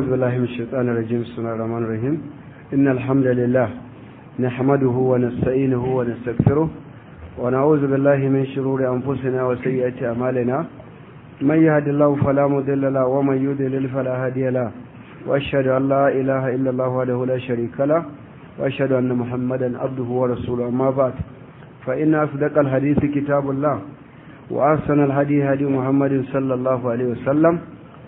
أعوذ بالله من الشيطان الرجيم بسم الله الرحمن الرحيم إن الحمد لله نحمده ونستعينه ونستغفره ونعوذ بالله من شرور أنفسنا وسيئة أعمالنا من يهد الله فلا مضل له ومن يضلل فلا هادي له وأشهد أن لا إله إلا الله وحده لا شريك له وأشهد أن محمدا عبده ورسوله أما بعد فإن أصدق الحديث كتاب الله وأحسن الهدي هدي محمد صلى الله عليه وسلم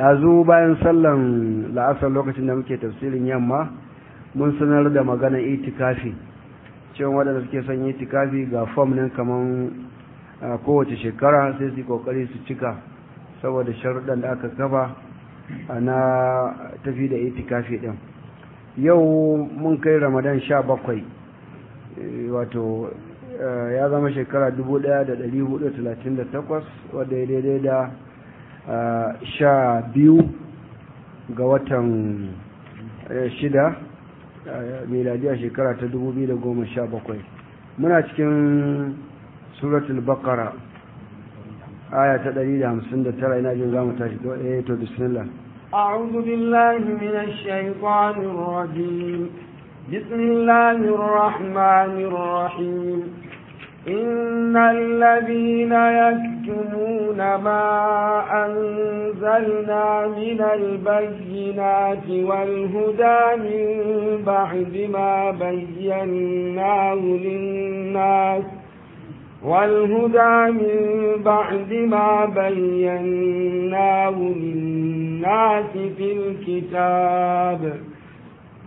ɗazu bayan sallan la'asar lokacin da muke tafsirin yamma mun sanar da magana itikafi cewa waɗanda suke son itikafi ga fom nan kamar kowace shekara sai su kokari su cika saboda sharuɗan da aka kafa na tafi da itikafi ɗin yau mun kai ramadan sha bakwai e, wato e, ya zama shekara 1438 wadda ya daidai da sha biyu ga watan eh, shida eh, miladiyar shekara ta 2017 muna cikin suratul bakara aya ta 159 ina jin za mu tashi to eh to bismillah أعوذ بالله من الشيطان الرجيم بسم الله الرحمن الرحيم إن الذين يكتمون ما أنزلنا من البينات والهدى من بعد ما بيناه للناس والهدى من بعد ما بيناه للناس في الكتاب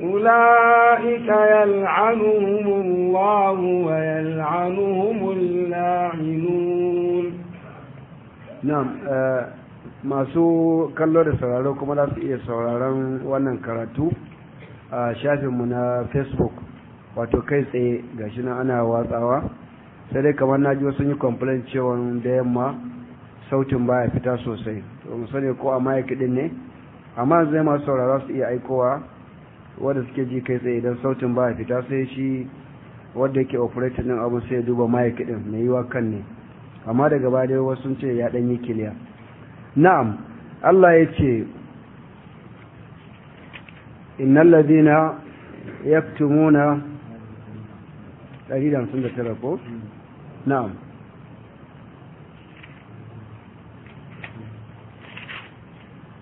أولئك يلعنهم الله ويلعنهم اللاعنون نعم masu kallo da sauraro kuma za su iya وانا wannan karatu a shafinmu na wato kai tsaye ga shi ana watsawa sai dai kamar na ji wasu yi complain cewa da yamma sautin baya fita sosai to mu sani ko a din ne amma zai masu sauraro su iya aikowa wanda suke ji kai tsaye idan sautin ba fita sai shi wadda ke operating din abu sai duba mic din mai yiwa kan ne amma daga baya da wasu sun ce ya dan yi kiliya na'am Allah ya ce innal ladina yaktumuna 159 ko na'am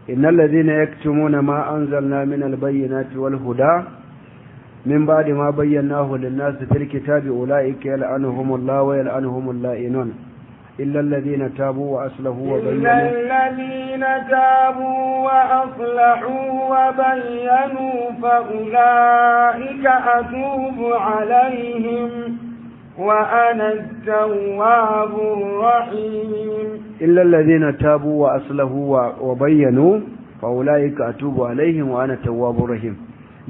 إن الذين يكتمون ما أنزلنا من البينات والهدى من بعد ما بيناه للناس في الكتاب أولئك يلعنهم الله ويلعنهم اللائنون إلا الذين تابوا وأصلحوا وبينوا إلا الذين تابوا وأصلحوا وبينوا فأولئك أتوب عليهم وأنا التواب الرحيم إلا الذين تابوا وأصلحوا وبينوا فأولئك أتوب عليهم وأنا التواب الرحيم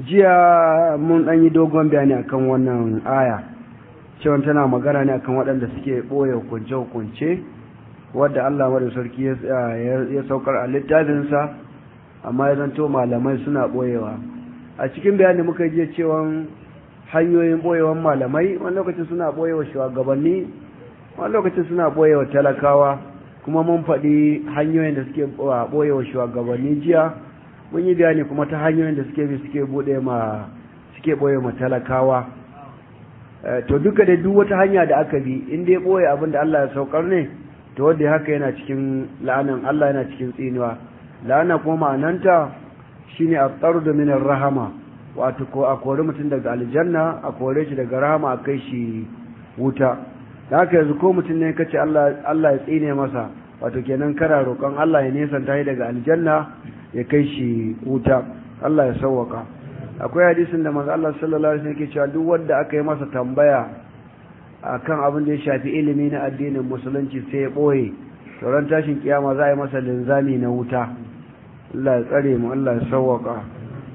jiya mun ɗan yi dogon bayani akan wannan aya cewa tana magana ne akan waɗanda suke ɓoye hukunce-hukunce wadda Allah wadda sarki ya saukar a littafinsa amma ya zanto malamai suna ɓoyewa a cikin bayani muka jiya cewa hanyoyin boyewan malamai wani lokacin suna boyewa shugabanni wani lokacin suna boyewa talakawa kuma mun faɗi hanyoyin da suke ah, boyewa shugabanni jiya mun yi bayani kuma ta hanyoyin da suke bi suke bude ma suke boye ma talakawa eh, to duka da duk wata hanya da aka bi in dai boye abin da Allah ya saukar ne to wanda haka yana cikin la'anan Allah yana cikin tsinuwa la'ana kuma ma'ananta shine a tard da ar-rahama wato ko a kori mutum daga aljanna a kore shi daga rahama a kai shi wuta da haka yanzu ko mutum ne kace Allah Allah ya tsine masa wato kenan kara roƙon Allah ya nesanta shi daga aljanna ya kai shi wuta Allah ya sauwaka akwai hadisin da manzo Allah sallallahu alaihi wasallam yake cewa duk wanda aka yi masa tambaya akan abin da ya shafi ilimi na addinin musulunci sai ya boye sauran tashin kiyama za a yi masa linzami na wuta Allah ya tsare mu Allah ya sauwaka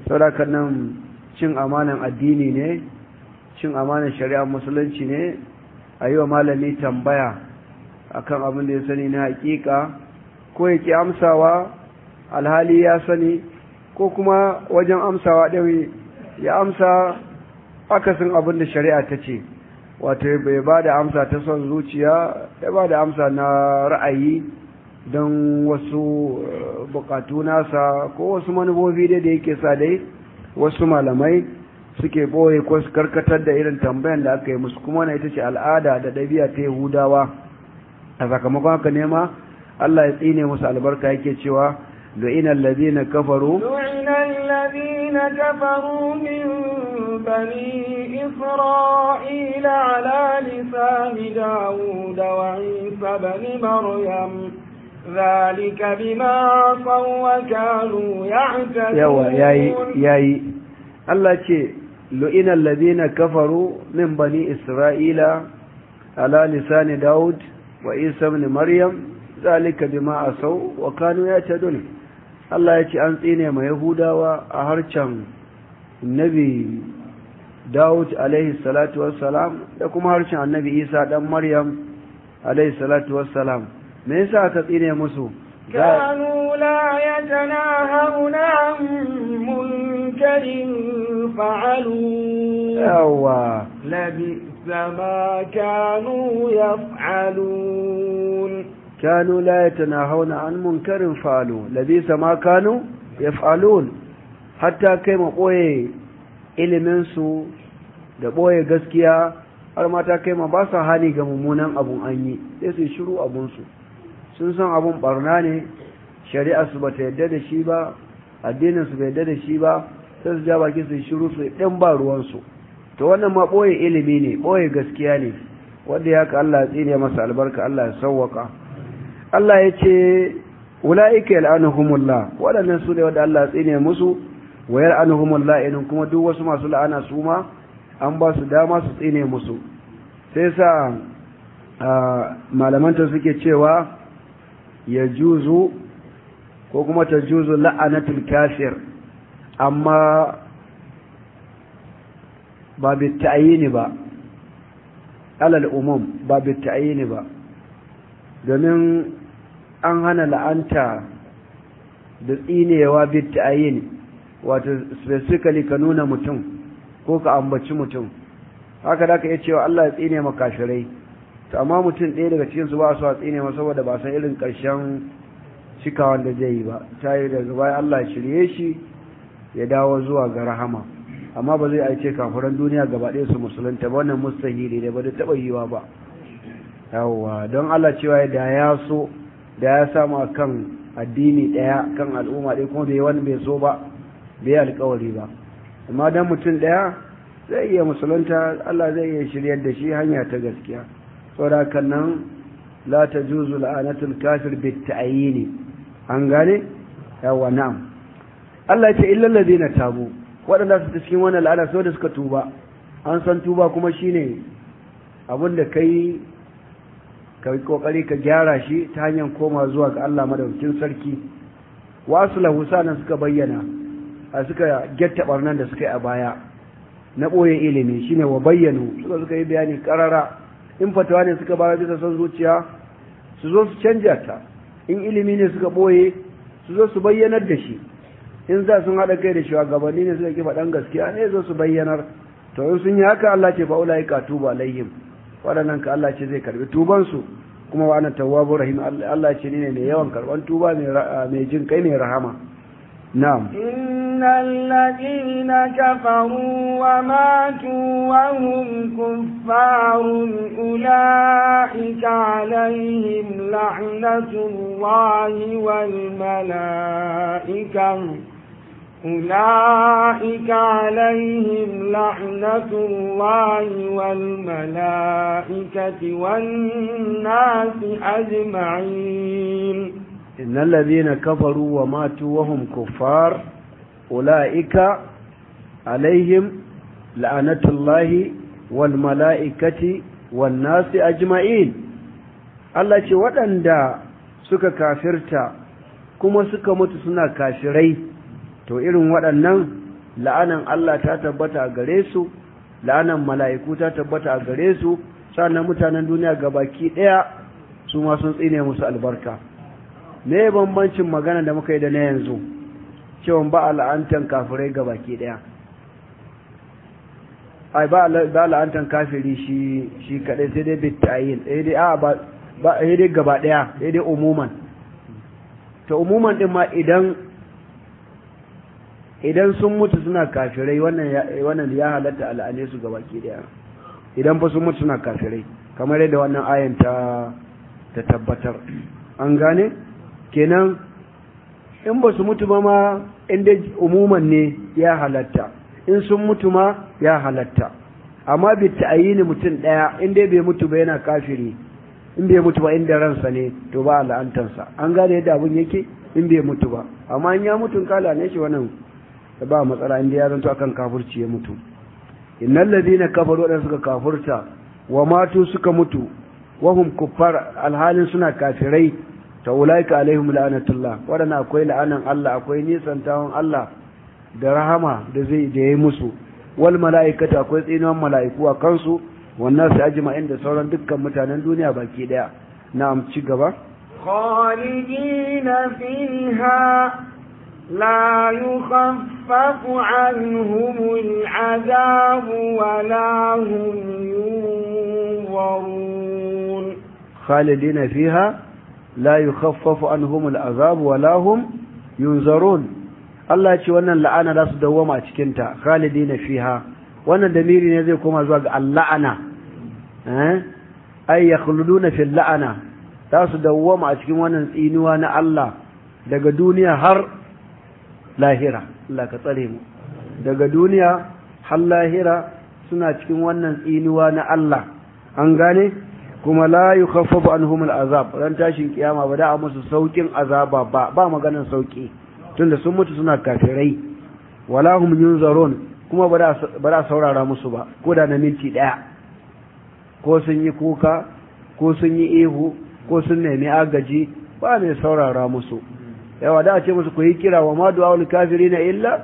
saboda nan cin amanan addini ne cin amanan shari'ar musulunci ne a yi wa malami tambaya akan abin da ya sani na hakika ko ya ki amsawa alhali ya sani ko kuma wajen amsawa ɗawi ya amsa akasin abin da shari'a ta ce wato bai ba da amsa ta son zuciya ya ba da amsa na ra'ayi don wasu eh, bukatu nasa ko wasu manufofi da yake sa dai wasu malamai suke boye ko su karkatar da irin tambayan da aka yi musu kuma na ita ce al'ada da ɗabi'a ta Yahudawa a sakamakon haka nema Allah ya tsine musu albarka yake cewa لعن الذين كفروا لعن الذين كفروا من بني إسرائيل على لسان داود وعيسى بن مريم ذلك بما عصوا وكانوا يعتدون يوا ياي ياي الله ce لئن الذين كفروا من بني اسرائيل على لسان داود وعيسى بن مريم ذلك بما عصوا وكانوا يعتدون Allah ya ce an tsine ma Yahudawa a harcen Nabi Dawud alaihi salatu wassalam da kuma harcen Annabi Isa dan Maryam alaihi salatu wassalam me yasa ka tsire musu kanu la yatanahawna munkarin fa'alu yawa labi sama kanu yaf'alun kanu la hauna an munkarin fa'alu labi sama kanu yaf'alun hatta kai ma koye ilimin su da boye gaskiya har mata kai ma ba su ga mummunan abun an yi sai su shiru abun su sun san abun barna ne shari'a su ta yadda da shi ba addinin su bai yadda da shi ba sai su ja baki su shiru su ɗan ba ruwansu to wannan ma ɓoye ilimi ne ɓoye gaskiya ne wanda ya ka Allah ya tsine masa albarka Allah ya sawwaka Allah ya ce ula'ika yal'anuhumullah waɗannan su ne wanda Allah ya tsine musu wa yal'anuhumullah idan kuma duk wasu masu la'ana su ma an ba su dama su tsine musu sai sa malaman suke cewa yajuzu ko kuma tajuzu la'anatul kafir amma ba bitta'ayini ba alal umum ba bitta'ayini ba domin an hana la'anta da tsinewa bitta'ayini wato specifically ka nuna mutum ko ka ambaci mutum haka da ka iya cewa Allah ya tsine makafirai to amma mutum ɗaya daga cikinsu ba su hatsi ne saboda ba san irin ƙarshen cika wanda zai yi ba ta yi daga baya Allah shirye shi ya dawo zuwa ga rahama amma ba zai aice kafuran duniya gaba ɗaya su musulunta ba wannan mustahili ne ba da taɓa yiwa ba yawwa don Allah cewa da ya so da ya samu a kan addini ɗaya kan al'umma ɗaya kuma bai wani bai so ba bai alkawari ba amma don mutum ɗaya zai iya musulunta Allah zai iya shiryar da shi hanya ta gaskiya saboda kan nan la ta juzu la'anatul kafir bi ta'yini an gane yawa na'am Allah ya ce illal ladina tabu waɗanda su cikin wannan la'ana so da suka tuba an san tuba kuma shine abin da kai ka yi kokari ka gyara shi ta hanyar koma zuwa ga Allah madaukin sarki wasu nan suka bayyana a suka getta barnan da suka yi a baya na ɓoye ilimi shine wa bayyano suka suka yi bayani karara in fatawa ne suka bayar bisa son zuciya su zo su canja ta in ilimi ne suka ɓoye su zo su bayyanar da shi in za sun haɗa kai da shugabanni ne suka kifa ɗan gaskiya ne zo su bayyanar to in sun yi haka Allah ce fa'ula ya tuba alaihim waɗannan ka Allah ce zai karbi tubansu kuma wa ana tawwabu rahim Allah ce ne mai yawan karban tuba mai jin kai mai rahama na'am إن الذين كفروا وماتوا وهم كفار أولئك عليهم لعنة الله والملائكة أولئك عليهم لعنة الله والملائكة والناس أجمعين إن الذين كفروا وماتوا وهم كفار ula'ika alaihim la'anatullahi wal mala'ikati wan a ajma'in Allah ce waɗanda suka kafirta kuma suka mutu suna kafirai to irin waɗannan la'anan Allah ta tabbata a gare su la'anan mala'iku ta tabbata a gare su na mutanen duniya ga baki ɗaya su ma sun tsine musu albarka me bambancin magana da muka yi da na yanzu cewa ba a la'antan kafirai ga baki daya ai ba la'antan kafiri shi shi kadai sai dai bitayin sai dai a ba sai dai gaba daya sai dai umuman to umuman din ma idan idan sun mutu suna kafirai wannan ya halatta al'ane su gaba baki daya idan fa sun mutu suna kafirai kamar yadda wannan ayan ta tabbatar an gane kenan in ba su mutu ba ma in da umuman ne ya halatta in sun mutu ma ya halatta amma bi ta'ayini mutum ɗaya in dai bai mutu ba yana kafiri in bai mutu ba inda ransa ne to ba la'antansa an gane yadda abun yake in bai mutu ba amma in ya mutu kala ne shi wannan ba matsala inda ya zanto akan kafurci ya mutu innal ladina kafaru da suka kafurta wa matu suka mutu wahum kuffar alhalin suna kafirai ta ulaika alaihim la'anatullah wadana akwai la'anan Allah akwai nisan tawon Allah da rahama da zai da yayi musu wal malaikata akwai tsinuwan mala'iku a kansu wannan su ajma'in da sauran dukkan mutanen duniya baki daya na'am ci gaba khalidina fiha لا يخفف عنهم العذاب ولا هم ينظرون خالدين فيها la yukhaffafu anhum al'azab wa lahum yunzarun Allah ce wannan la'ana za su dawwama a cikin ta khalidina fiha wannan damiri ne zai koma zuwa ga al'ana eh ay yakhluduna fil la'ana za su dawwama a cikin wannan tsinuwa na Allah daga duniya har lahira Allah ka tsare mu daga duniya har lahira suna cikin wannan tsinuwa na Allah an gane kuma la an anhum azab ran tashin kiyama ba da a musu saukin azaba ba ba maganin sauki tunda sun mutu suna kafirai wala hum yunzarun kuma ba da saurara musu ba ko da na minti daya ko sun yi kuka ko sun yi ihu ko sun nemi agaji ba mai saurara musu yawa da a ce musu ku yi kira wa ma du'a kafirina illa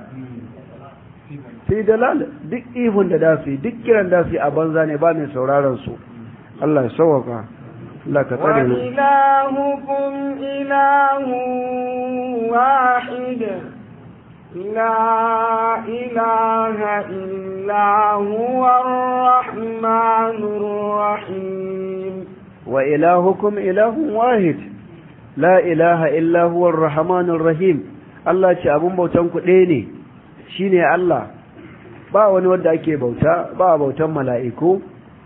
fi dalal duk ihun da da su duk kiran da su a banza ne ba mai sauraron su Allah ya sauwaka Allah ka tsare mu ilahukum ilahu wahid لا إله إلا هو الرحمن الرحيم وإلهكم إله واحد لا إله إلا هو الرحمن الرحيم Allah ce abin bautan ku ɗaya ne shi ne Allah ba wani wanda ake bauta ba a bautan mala'iku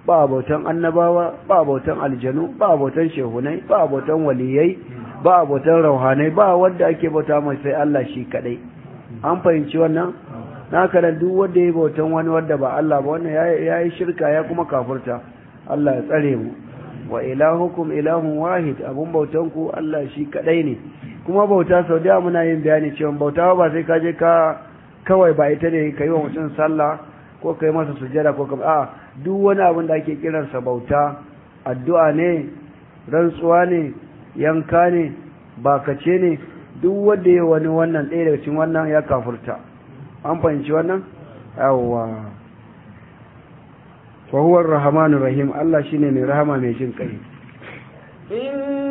ba abotan annabawa ba abotan aljanu ba abotan shehunai ba abotan waliyai ba abotan rauhanai ba wanda ake bauta mai sai Allah shi kadai an fahimci wannan na kana duk wanda ya bautan wani wanda ba Allah ba wannan ya shirka ya kuma kafurta Allah ya tsare mu wa ilahukum ilahun wahid abun bautan ku Allah shi kadai ne kuma bauta sau da muna yin bayani cewa bauta ba sai ka je ka kawai ba ita ne ka wa mutum sallah ko kai masa sujada ko ka a duk wani abin da ake kiransa bauta addu'a ne rantsuwa ne yanka ne bakace ne duk wanda ya wani wannan ɗaya daga cikin wannan ya kafurta an fahimci wannan yawwa fa huwa rahmanur rahim Allah shine mai rahama mai jin kai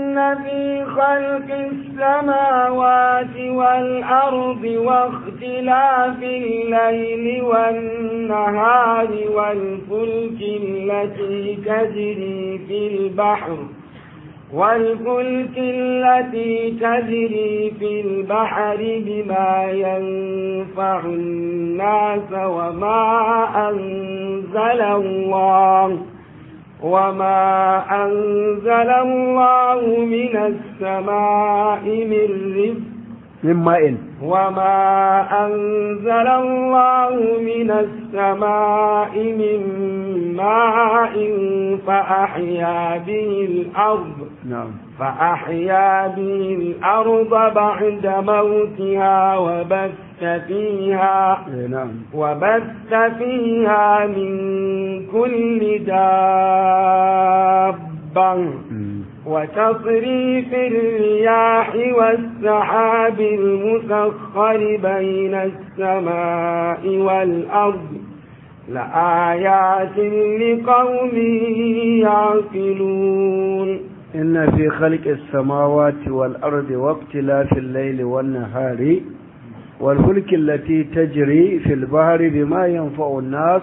إن في خلق السماوات والأرض واختلاف الليل والنهار والفلك التي تجري في البحر والفلك التي تجري في البحر بما ينفع الناس وما أنزل الله وما أنزل الله من السماء من رزق من ماء وما أنزل الله من السماء من ماء فأحيا به الأرض نعم فأحيا به الأرض بعد موتها وبث فيها نعم. وبث فيها من كل دابة وتصريف الرياح والسحاب المسخر بين السماء والأرض لآيات لقوم يعقلون إن في خلق السماوات والأرض واختلاف الليل والنهار والفلك التي تجري في البحر بما ينفع الناس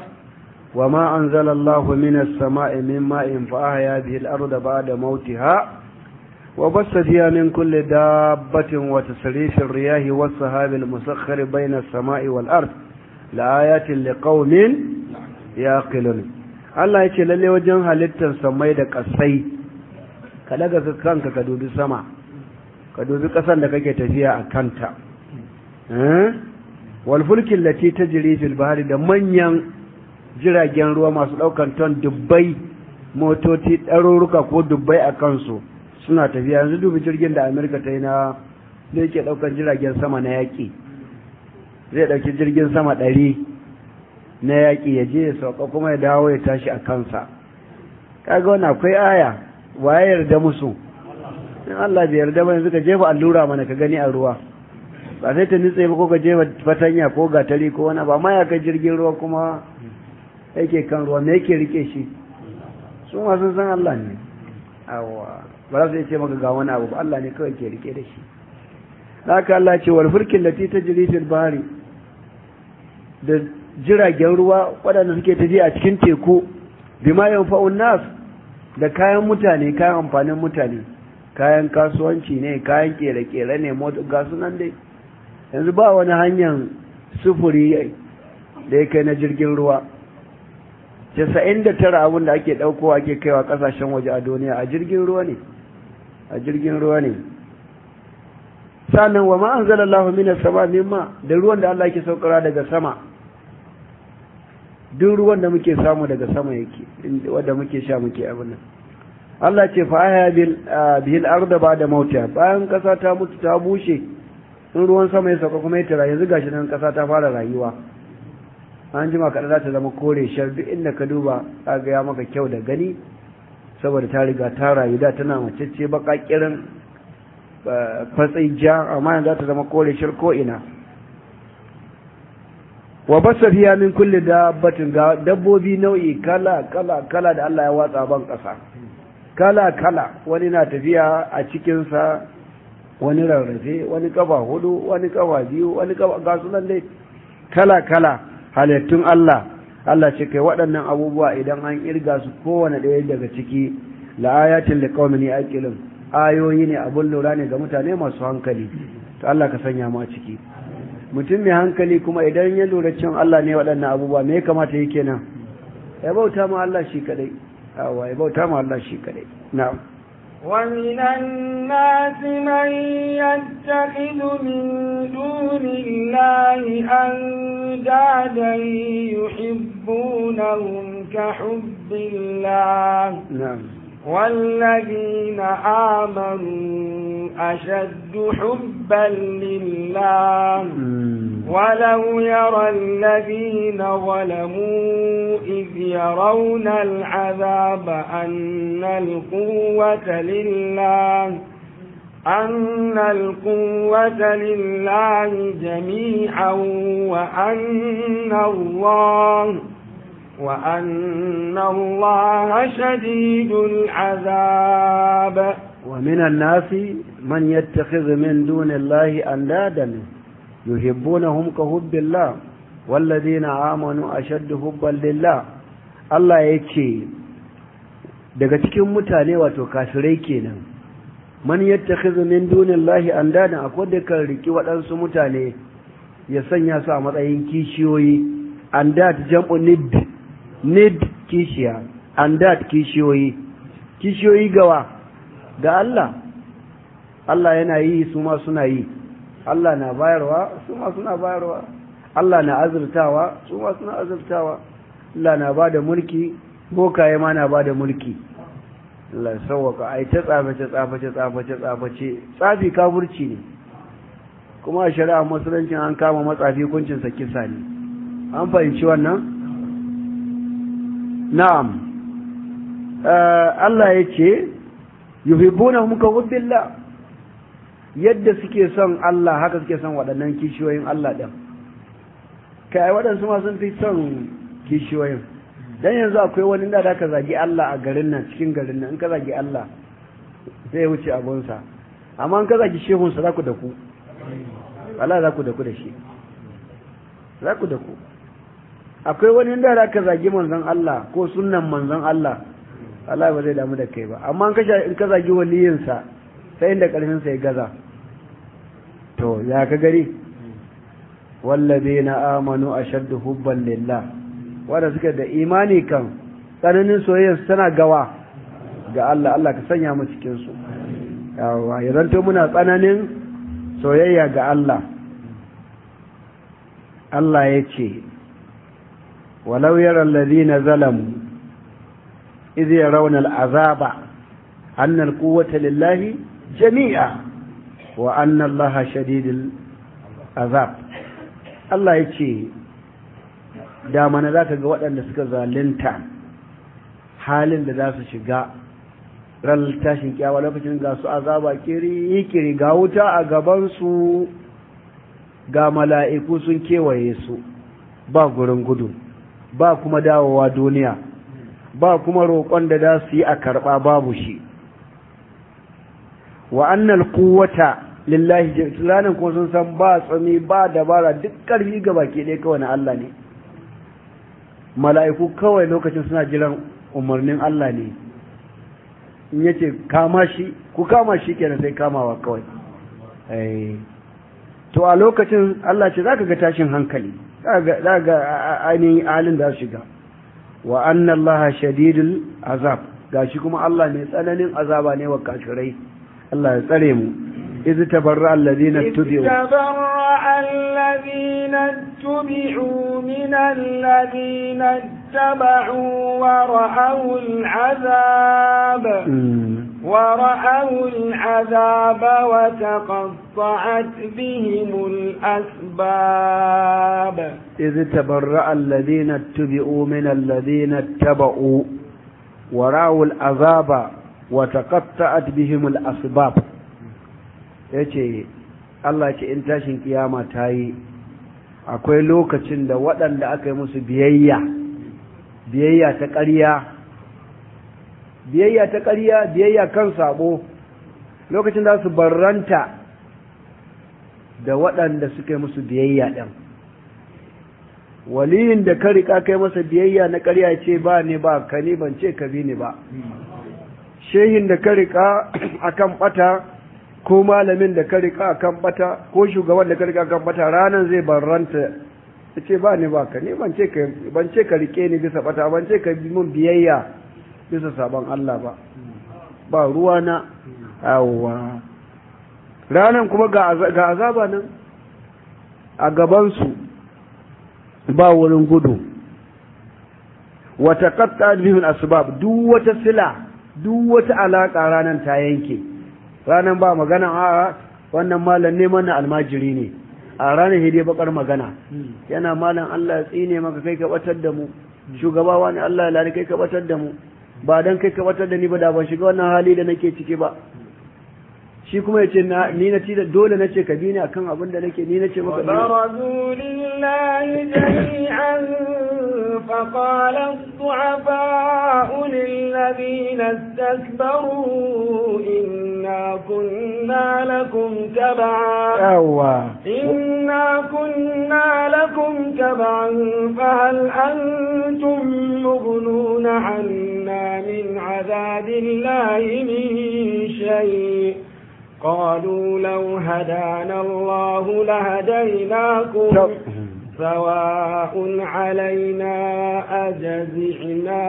وما أنزل الله من السماء من ماء فأحيا به الأرض بعد موتها وبث فيها من كل دابة وتسريف الرياح والسحاب المسخر بين السماء والأرض لآيات لقوم يعقلون Allah ya ce lalle wajen halittar samai da ƙasai ka daga kanka ka dubi sama ka dubi kasan da kake tafiya a kanta eh? walfulkin lati ta jiri filbari da manyan jiragen ruwa masu ɗaukan ton dubbai motoci ɗaruruka ko dubbai a kansu suna tafiya yanzu dubi jirgin da amurka ta yi na da yake ɗaukan jiragen sama na yaƙi zai ɗauki jirgin sama ɗari na yaƙi ya je ya sauka kuma ya dawo ya tashi a kansa kaga wani akwai aya Wa ya yarda musu in Allah bai yarda ba yanzu ka jefa allura mana ka gani a ruwa ba sai ta nitse ba ko ka jefa fatanya ko gatari ko wani ba ma ya kai jirgin ruwa kuma yake kan ruwa me yake rike shi su wasu sun san Allah ne awa ba za su ce maka ga wani abu ba Allah ne kawai ke rike da shi ka Allah ce wal furkin lati ta fil Bari da jiragen ruwa waɗanda suke tafiya a cikin teku bima yanfa'un nas da kayan mutane kayan amfanin mutane kayan kasuwanci ne kayan kere-kere ne ga sunan dai yanzu ba wani hanyar sufuri da ya kai na jirgin ruwa casa'in da tara abin da ake ɗauko ake kaiwa ƙasashen waje a duniya a jirgin ruwa ne a jirgin ruwa ne sannan wa ma'an zalallahu mina sama mimma da ruwan da Allah ke saukara daga sama duk ruwan da muke samu daga sama yake wanda muke sha muke abin nan Allah ce fa aya bil arda ba'da mautiha bayan kasa ta mutu ta bushe in ruwan sama ya sauka kuma ya tara yanzu gashi nan kasa ta fara rayuwa an jima kaɗa za ta zama kore shar duk inda ka duba a gaya maka kyau da gani saboda ta riga ta rayu da tana mace baka kirin fatsai ja amma yanzu za ta zama kore shar ko ina wa basa fiya min kulli dabbatin ga dabbobi nau'i kala kala kala da Allah ya watsa ban kasa kala kala wani na tafiya a cikin sa wani rarrafe wani kafa hudu wani kafa biyu wani kafa gasu nan dai kala kala halittun Allah Allah ce kai waɗannan abubuwa idan an ƙirga su kowane ɗaya daga ciki la ayatin liqaumin yaqilun ayoyi ne abun lura ne ga mutane masu hankali to Allah ka sanya mu a ciki mutum mai hankali kuma idan ya lura cin Allah ne waɗannan abubuwa me kamata yake nan ya bauta ma Allah shi kadai awa ya bauta ma Allah shi kadai na'am ومن الناس من يتخذ من دون الله أندادا يحبونهم كحب الله نعم والذين آمنوا أشد حبا لله ولو يرى الذين ظلموا إذ يرون العذاب أن القوة لله أن القوة لله جميعا وأن الله وأن الله شديد العذاب ومن الناس من يتخذ من دون الله أندادا يحبونهم كحب الله والذين آمنوا أشد حبا لله الله يكي daga cikin mutane wato kafirai kenan man yattakhidhu min dunillahi andadan akwai da kan riki waɗansu mutane ya sanya su a matsayin kishiyoyi andad jam'u nidd need kishiya and that kishiyoyi kishiyoyi gawa ga Allah Allah yana yi su ma suna yi Allah na bayarwa su ma suna bayarwa Allah na azurtawa su ma suna azurtawa Allah na bada mulki bokaye ma na bada mulki Allah sauwaka ai ta tsaface tsaface tsaface tsaface tsafi kaburci ne kuma a shari'a musulunci an kama matsafi kuncin sa kisa ne an fahimci wannan na'am eh, Allah ya ce hum ka hubbillah yadda suke son Allah haka suke son waɗannan kishiyoyin Allah ɗin kai waɗansu ma sun fi son kishiyoyin dan yanzu akwai wani da ka zagi Allah a garin nan cikin garin nan in ka zagi Allah sai wuce abunsa amma in ka zagi shehunsa za ku da ku Allah za ku da ku da shi za ku da ku akwai wani da ka zagi manzon Allah ko sunnan manzon Allah Allah ba zai damu da kai ba amma in ka zagi waliyinsa sai inda karfin sa ya gaza to ya ka gari na amanu shaddu hubban lillah wanda suka da imani kan tsananin soyayya tana gawa ga Allah Allah ka sanya mu cikin su yawa yanzu muna tsananin soyayya ga Allah Allah ya ce ولو يرى الذين ظلموا إذ يرون العذاب أن القوة لله جميعا وأن الله شديد العذاب Allah ya ce mana za ka ga waɗanda suka zalinta halin da za su shiga ran tashin kyawa lokacin ga su azaba kiri-kiri ga wuta a gabansu ga mala'iku sun kewaye su ba gurin gudu ba kuma dawowa duniya ba kuma roƙon da za su yi a karɓa babu shi wa annal quwwata lillahi lanin kuma sun san ba tsami ba dabara duk ƙarfi ga baki ɗaya kawai na Allah ne mala'iku kawai lokacin suna jiran umarnin Allah ne in yace kama shi ku kama shi kenan sai kamawa kawai eh. to a lokacin Allah ce zaka ga tashin hankali za ga ainihin halin da shiga wa annan shadidul azab gashi kuma Allah ne tsananin azaba ne wa kafirai Allah ya tsare mu إذ تبرأ الذين اتبعوا تبرأ الذين اتبعوا من الذين اتبعوا ورأوا العذاب ورأوا العذاب وتقطعت بهم الأسباب إذ تبرأ الذين اتبعوا من الذين اتبعوا ورأوا العذاب وتقطعت بهم الأسباب yace Allah ce in tashin kiyama ta yi akwai lokacin da waɗanda aka yi musu biyayya biyayya ta ƙarya biyayya ta ƙarya biyayya kan sabo lokacin da su barranta da waɗanda suka yi musu biyayya ɗin waliyin da ka riƙa kai masa biyayya na ƙarya ce ba ne ba ka ne ban ce ka bi ne ba shehin da ka riƙa akan ɓata ko malamin da ka riƙa akan ɓata ko shugaban da ka riƙa akan ɓata ranar zai barranta ta ce ba ni ba ka ne ban ce ka riƙe ni bisa ɓata ban ce ka bi mun biyayya bisa sabon Allah ba ba ruwa na awa ranan kuma ga azaba nan a gabansu ba wurin gudu wata katta bihin asbab duk wata sila duk wata alaka ranan ta yanke ranan ba magana a wannan malam ne mana almajiri ne a ranar hide bakar magana yana malam Allah ya tsine maka kai ka batar da mu shugaba wani Allah ya lari kai ka batar da mu ba dan kai kabatar da ni ba da ban shiga wannan hali da nake ciki ba shi kuma ya na ni na ci da dole ce ka bi ni akan abin da nake ni nace maka ba فقال الضعفاء للذين استكبروا إنا كنا لكم تبعا إنا كنا لكم تبعا فهل أنتم مغنون عنا من عذاب الله من شيء قالوا لو هدانا الله لهديناكم سواء علينا أجزعنا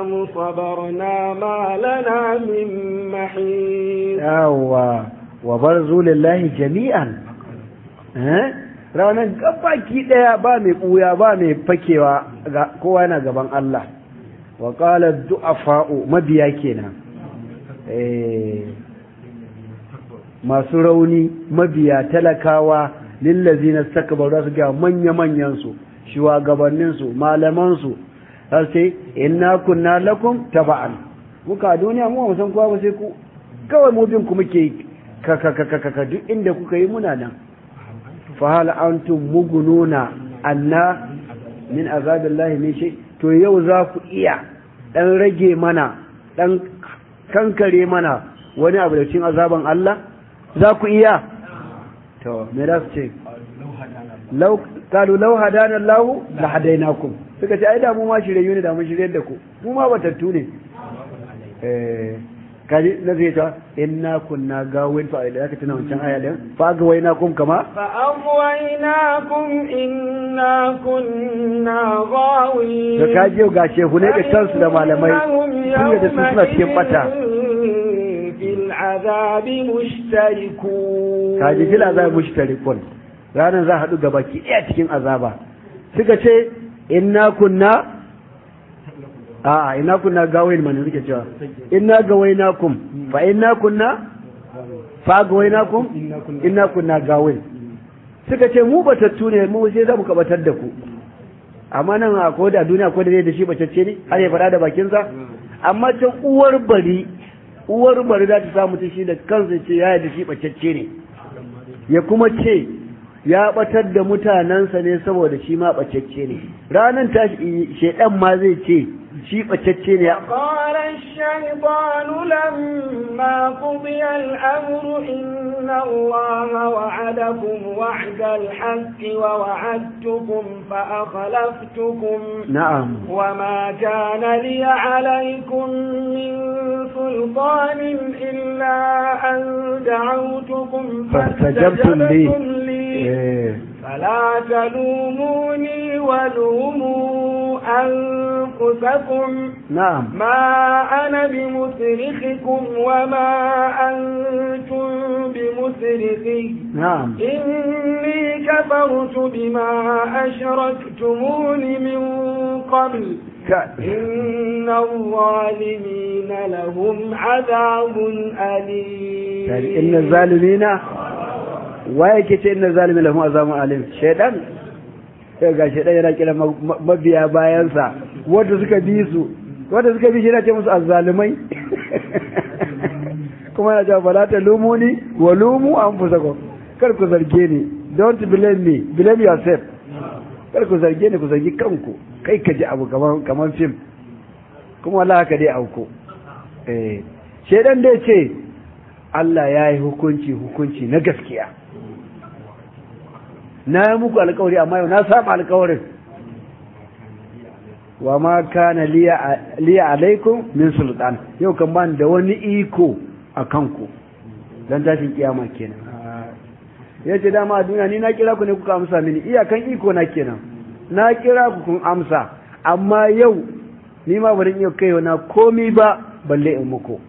أم صبرنا ما لنا من محيط أو وبرزوا لله جميعا ranar gabaki daya ba mai ɓuya ba mai fakewa ga kowa yana gaban Allah wa ƙala du'afa'u mabiya kenan masu rauni mabiya talakawa na saka za su ga manya manyan su shugabannin su malaman su har sai inna kunna lakum taba'an muka duniya mu ba san kowa ba sai ku kawai mu bin ku muke ka ka ka ka duk inda kuka yi muna nan fa hal antum mugununa anna min azabillahi ne shi to yau za ku iya dan rage mana dan kankare mana wani abu da cikin azaban Allah za ku iya to me da su ce kalu lau hadana lahu la hadaina kum suka ce ai da mu ma shirye ne da mu shirye da ku mu ma batattu ne eh kaji na zai ta inna kunna gawin fa da ka tuna wancan aya din fa gawaina kum kama fa agwaina kum inna kunna gawin da kaji ga shehu ne da kansu da malamai kun da su suna cikin bata العذاب مشتركون كاجي في azabi mushtarikun ranar za haɗu gaba ki ɗaya cikin azaba suka ce inna kunna a inna kunna gawain mana suke cewa inna gawainakum fa inna kunna fa gawainakum inna kunna gawain suka ce mu batattu ne mu sai za mu kabatar da ku amma nan a ko da duniya ko da zai da shi bacacce ne har ya faɗa da bakinsa amma can uwar bari uwar bari za ta samu ta shi da kansa ce ya da shi ɓacacce ne ya kuma ce ya ɓatar da mutanensa ne saboda shi ma ɓacacce ne ranar tashi shaidan ma zai ce shi ɓacacce ne قال الشيطان لما قضي الأمر إن الله وعدكم وعد الحق ووعدتكم فأخلفتكم نعم وما كان لي عليكم من سلطان إلا أن دعوتكم فاستجبتم لي إيه. فلا تلوموني ولوموا أنفسكم نعم ما أنا بمسرخكم وما أنتم بمسرخي نعم إني كفرت بما أشركتموني من قبل إن الظالمين لهم عذاب أليم يعني إن الظالمين waye ke ce inna zalimi lahum azamu alim shaydan sai ga shaydan yana kira mabiya bayansa wanda suka bi su wanda suka bi shi yana ce musu azzalimai kuma yana cewa fala ta lumuni wa lumu anfusakum kar ku zarge ni don't blame me blame yourself kar ku zarge ni ku zargi kanku kai ka ji abu kaman fim kuma wallahi haka dai auko eh dai ce Allah ya yi hukunci hukunci na gaskiya na yi muku alkawari amma yau na saba alkawarin wa ma kana liya alaikum min sultan yau kan ba da wani iko a kanku dan tashin kiyama kenan ya ce dama a duniya ni na kira ku ne kuka amsa mini iyakan iko na kenan na kira ku kun amsa amma yau ni ma bari iya kai na komi ba balle in muku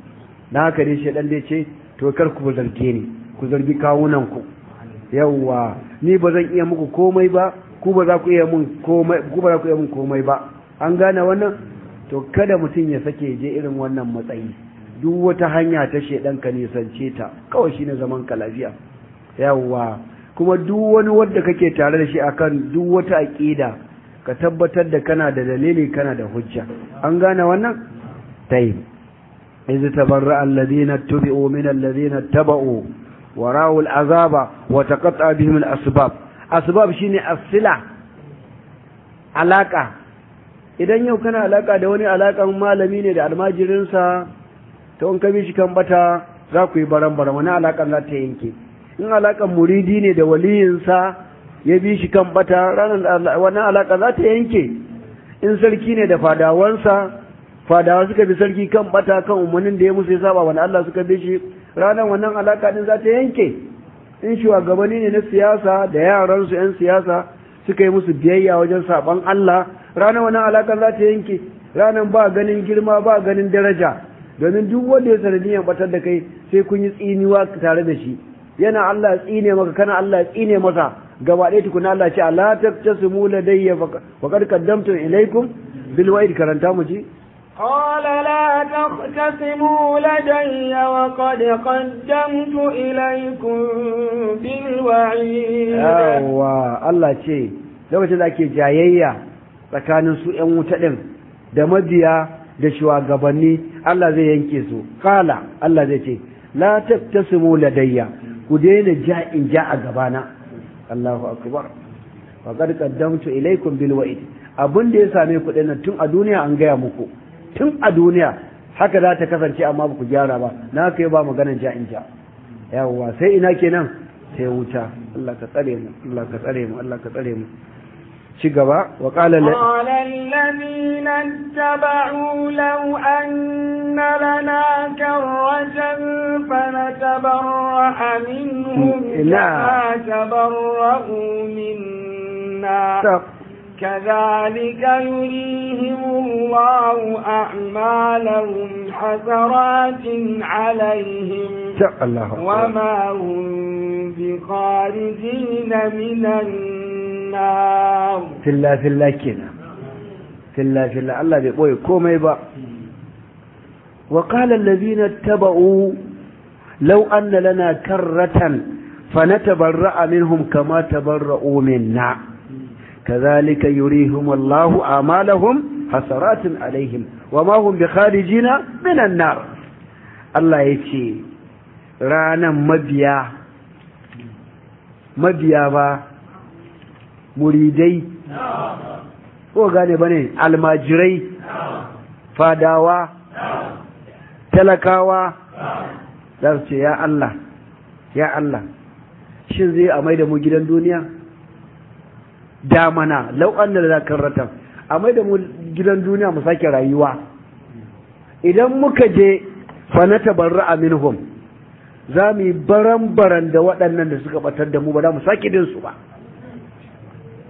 na haka dai shi dan dai ce to kar ku zarge ni ku zargi kawunan ku yawwa ni ba zan iya muku komai ba ku ba za ku iya mun komai ku ba za ku iya mun komai ba an gane wannan to kada mutum ya sake je irin wannan matsayi duk wata hanya ta shedan ka nisance ta kawai shine zaman ka lafiya yawwa kuma duk wani wanda kake tare da shi akan duk wata aqida ka tabbatar da kana da dalili kana da hujja an gane wannan tayyib iz tabarra alladhina tubi'u min alladhina taba'u wa rawul azaba wa taqatta bihim al-asbab asbab shine asila alaka idan yau kana alaka da wani alakan malami ne da almajirinsa to in ka bi shi kan bata za ku yi baran-baran wani alakan za ta yanke in alakan muridi ne da waliyinsa ya bi shi kan bata ranar wani alaka za ta yanke in sarki ne da fadawansa fadawa suka bi sarki kan bata kan umarnin da ya musu ya saba wani Allah suka bi shi ranar wannan alaka din za ta yanke in shugabanni ne na siyasa da yaransu 'yan siyasa suka yi musu biyayya wajen saban Allah ranar wannan alaka za ta yanke ranar ba ganin girma ba ganin daraja domin duk wanda ya ya batar da kai sai kun yi tsiniwa tare da shi yana Allah tsine maka kana Allah tsine masa gaba ɗaya tukuna Allah ce ta taqtasimu ladayya wa kadkadamtu ilaikum karanta mu ji قال لا تختصموا لدي وقد قدمت إليكم بالوعيد أوا الله شيء لو تلاقي جايية tsakanin su ‘yan wuta ɗin da mabiya da shugabanni Allah zai yanke su kala Allah zai ce la tattasimu ladayya ku daina ja in ja a gabana Allahu akbar wa qad qaddamtu ilaykum bil wa'id abin da ya same kuɗin dinnan tun a duniya an gaya muku tun a duniya haka za ta kasance amma ba ku gyara ba na haka ba maganan ja in ja yawwa sai ina kenan sai wuta Allah ka tsare mu Allah ka tsare mu Allah ka tsare mu ci gaba wa qala alladhina tabau law anna lana karratan fanatabarra minhum la tabarru minna كذلك يريهم الله أعمالهم حسرات عليهم الله وما هم بخارجين من النار في الله في الله كنا في الله في الله الله بيقول كوم يبا وقال الذين اتبعوا لو أن لنا كرة فنتبرأ منهم كما تبرؤوا منا kazalika yurihim Allahu amalahum hasaratin alaihim wa ma hum bikharijina minan nar Allah yace ranan mabiya mabiya ba muridai ko gane bane almajirai fadawa talakawa za su ce ya Allah ya Allah shin zai a da mu gidan duniya damana lau an da za karratan a mai da mu gidan duniya mu sake rayuwa idan muka je fanata barra a minhum za mu yi baran-baran da waɗannan da suka batar da mu ba za mu sake din su ba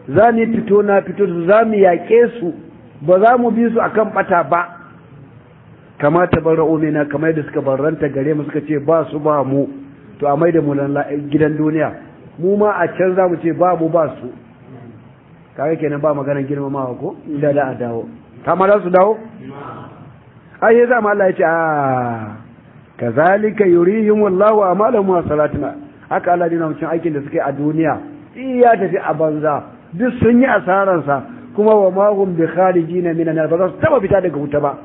za mu yi fito na fito su za mu yaƙe su ba za mu bi su akan bata ba kama barra umina kamar da suka barranta gare mu suka ce ba su ba mu to a mai da mu gidan duniya mu ma a can za mu ce ba mu ba su kaga kenan ba maganar girmamawa ko da da a dawo ma za su dawo ai ya zama Allah ya ce a ah, kazalika yurihim wallahu amalahum wa salatina haka Allah dina mutum aikin da suke a duniya iya tafi a banza duk sun yi sa kuma wa mahum bi kharijina min an ba za su taba fita daga wuta ba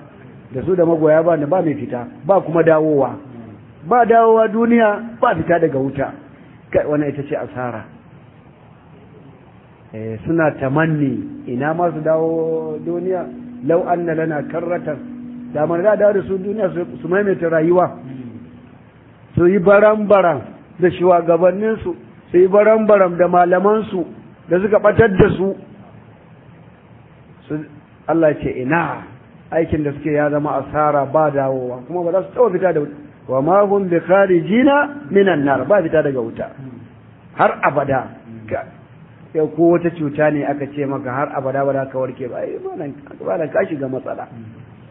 da su da magoya ba ba mai fita ba kuma dawowa ba dawowa duniya ba fita daga wuta kai wannan ita ce asara Eh, suna tamanni ina ma su dawo duniya lau na lana karratar da man da dawo da su duniya su maimaita rayuwa su yi baram-baram da shugabanninsu su yi baram-baram da malamansu da suka batar da su Allah ce ina aikin da suke ya zama asara ba dawowa kuma ba za su taɓa fita da wa ma hum bi kharijina minan nar ba fita daga wuta har abada sai ko wata cuta ne aka ce maka har abada ba ka warke ba ai eh, malan ka shiga matsala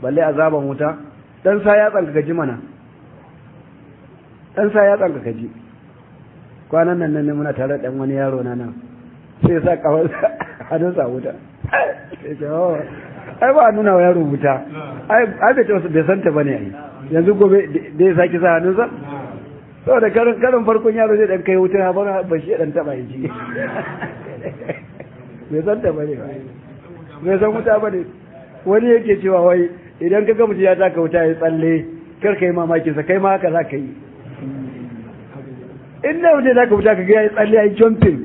balle azaban wuta dan sa ya tsanka gaji mana dan sa ya tsanka gaji kwanan nan nan muna tare da wani yaro na nan sai ya sa kawar hannun sa wuta oh, ai ba nuna wa yaro wuta ai bai ta bai santa bane yanzu gobe dai saki sa hannun sa da karin karin farkon yaro zai dan kai wuta ya bar ba shi dan taba yi me san ta bane me san wuta bane wani yake cewa wai idan ka ga mutum ya taka wuta ya tsalle kar kai mamakin sa kai ma haka za ka yi in da wuce za ka wuta ka ga ya tsalle ya yi jumping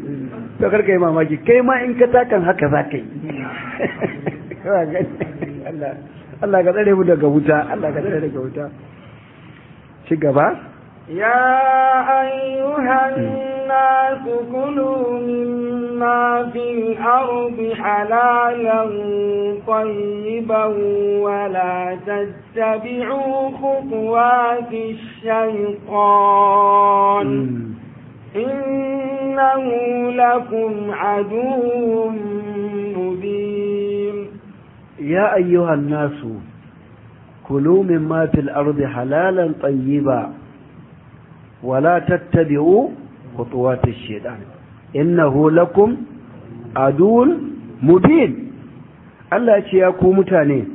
to kar kai mamaki kai ma in ka takan haka za ka yi Allah ka tsare mu daga wuta Allah ka tsare daga wuta ci gaba يا أيها الناس كلوا مما في الأرض حلالا طيبا ولا تتبعوا خطوات الشيطان إنه لكم عدو مبين يا أيها الناس كلوا مما في الأرض حلالا طيبا wala تتبعوا خطوات الشيطان innahu لكم adun مبين Allah ce ya ku mutane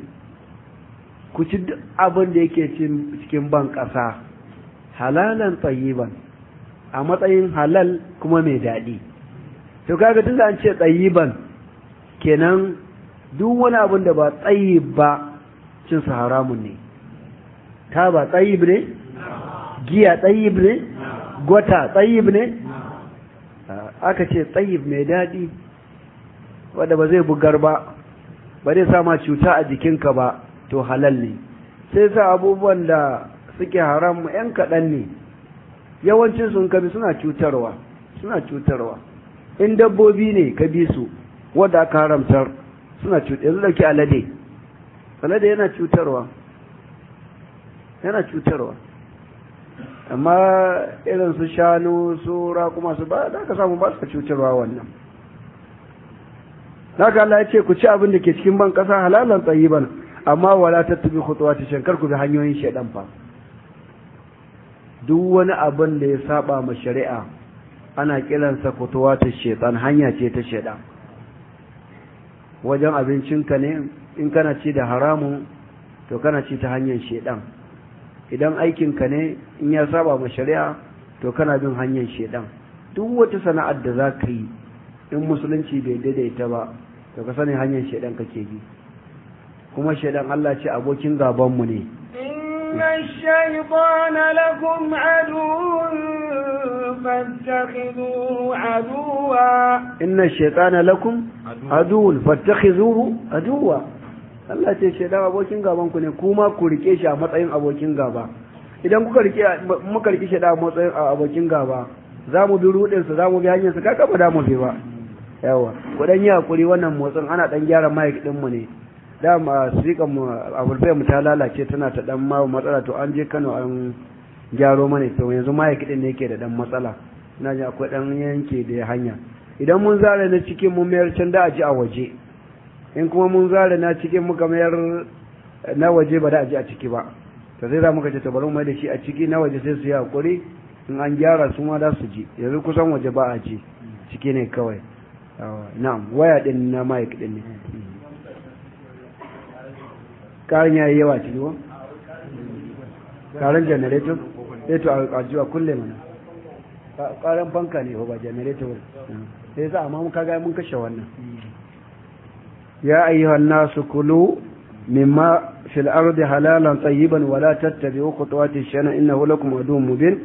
ku ci duk abin da yake cikin ban ƙasa halalan tsayiban a matsayin halal kuma mai daɗi to kaga tun an ce tsayiban kenan duk wani abin da ba tsayi ba cinsa haramun ne ta ba tsayib ne giya tsayib ne gwata tsayib ne aka ce tsayib mai daɗi wadda ba zai bugar ba ba zai sama cuta a jikinka ba to halal ne sai sa abubuwan da suke haram mu yan kaɗan ne yawancin sun kabi suna cutarwa suna cutarwa in dabbobi ne ka bi su wadda aka haramtar suna cutar yanzu dauki alade alade yana cutarwa yana cutarwa amma irin su shanu su raƙuma su ba za ka samu ba su cutarwa wannan haka Allah ya ce ku ci abin da ke cikin ban ƙasa halalan tsayiban amma wala tattabi ta shankar ku bi hanyoyin shaɗan fa duk wani abin da ya saba ma shari'a ana kiransa ta shaytan hanya ce ta shedan wajen abincinka ne in kana ci da haramun to kana ci ta hanyar shaiɗan. idan aikinka ne in ya saba ma shari'a to kana bin hanyar shedan duk wata sana'ar da za ka yi in musulunci bai daidaita ba to ka sani hanyar shedan kake bi kuma shedan Allah ce abokin gaban mu ne inna shaytana lakum aduwwun fattakhizuhu inna shaytana lakum aduwwun fattakhizuhu aduwa. Allah ce dawa abokin gaban ku ne kuma ku rike shi a matsayin abokin gaba idan kuka rike muka rike shi a matsayin abokin gaba za mu bi rudin su za mu bi hanyar sa kaka ba da mu bi ba yawa ku dan yi hakuri wannan motsin ana dan gyara mic din mu ne da ma sika mu mu ta lalace tana ta dan ma matsala to an je Kano an gyaro mana to yanzu mic din ne yake da dan matsala na ji akwai dan yanke da hanya idan mun zare na cikin mu mayar can da aji a waje in kuma mun zara na cikin muka mayar eh, na waje ba da a a ciki ba ta zai za muka ce tabarin mai da shi a ciki na waje sai su yi hakuri in an gyara su ma za su ji yanzu kusan waje ba a ji ciki ne kawai na'am waya din na mic din ne karin yayi yawa ciki ba karin generator eh to a jiwa kulle mana karin fanka ne ba generator eh, sai za amma mun kaga mun kashe wannan يا أيها الناس كلوا مما في الأرض حلالا طيبا ولا تتبعوا خطوات الشنا إنه لكم عدو مبين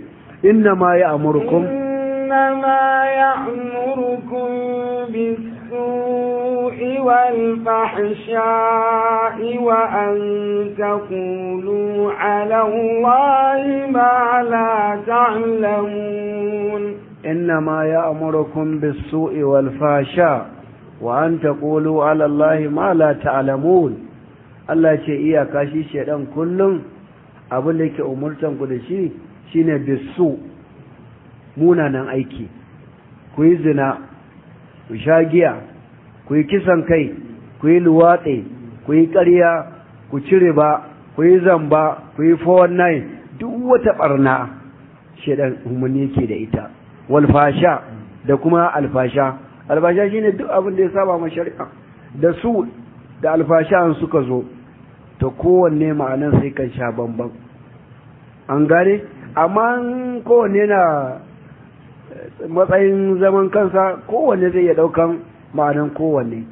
إنما يأمركم إنما يأمركم بالسوء والفحشاء وأن تقولوا على الله ما لا تعلمون إنما يأمركم بالسوء والفحشاء وأن ta على alallahi ما لا Allah ce iya kashi shaɗan kullum abin da ke umurtan ku da shi shi shine bisu munanan aiki ku yi zina ku sha giya ku yi kisan kai ku yi kuyi ku yi ƙarya ku cire ba, ku yi zamba ku yi nai duk wata ɓarna shaɗan umarni ke da ita walfasha da kuma alfasha albasha ne duk abin da ya saba ma shari'a da su da alfashan suka zo to kowanne ma'anan sai kan sha bambam an gane amma kowanne na eh, matsayin zaman kansa kowanne zai iya daukan ma'anan kowanne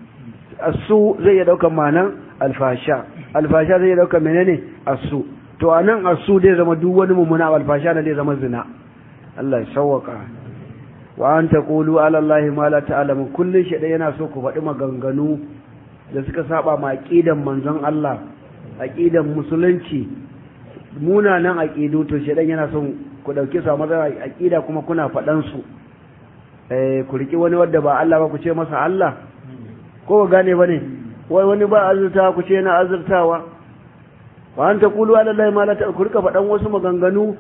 su zai iya daukan ma'anan alfasha alfasha zai iya daukan menene asu to anan asu zai zama duk wani mummuna alfasha na zai zama zina Allah ya sauwaka wa an kulu ala allahi ma la ta'lamun kullun shi dai yana so ku faɗi maganganu da suka saba ma aqidan manzon Allah aqidan musulunci munanan aqidu to shi dan yana so ku dauke su a matsayin aqida kuma kuna faɗan su eh ku riki wani wanda ba Allah ba ku ce masa Allah ko gane bane wai wani ba azurta ku ce na azurtawa wa an ta ala allahi ma la ta'lamun ku rika faɗan wasu maganganu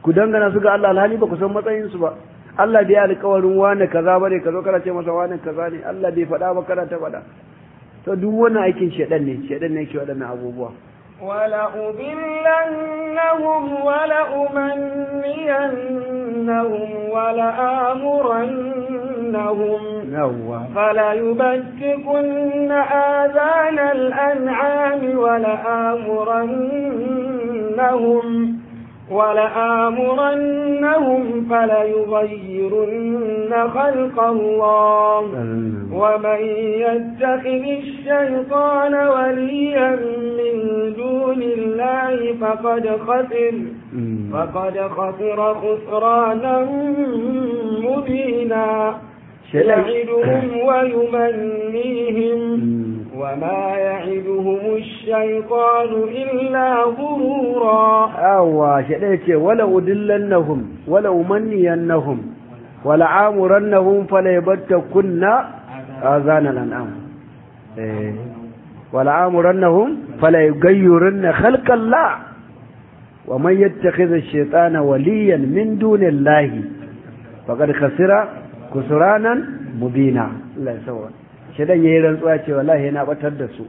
ku dangana su ga Allah alhali ba ku san matsayin su ba Allah bai alƙawarin wani kaza bane ka zo kana ce masa wani kaza ne Allah bai faɗa ba kana ta faɗa to duk wani aikin shedan ne shedan ne ke waɗannan abubuwa wala ubillannahum wala umanniyannahum wala amurannahum yawwa fala yubaddikunna azanal an'ami wala amurannahum ولآمرنهم فليغيرن خلق الله ومن يتخذ الشيطان وليا من دون الله فقد خسر فقد خسر خسرانا مبينا يعدهم ويمنيهم وما يعدهم الشيطان إلا غرورا أوا شديك ولو دلنهم ولو منينهم ولعامرنهم فليبتكن آذان الأنعام إيه. ولعامرنهم فليغيرن خلق الله ومن يتخذ الشيطان وليا من دون الله فقد خسر خسرانا مبينا الله يسوى ya yayi rantsuwa ce wallahi yana batar da su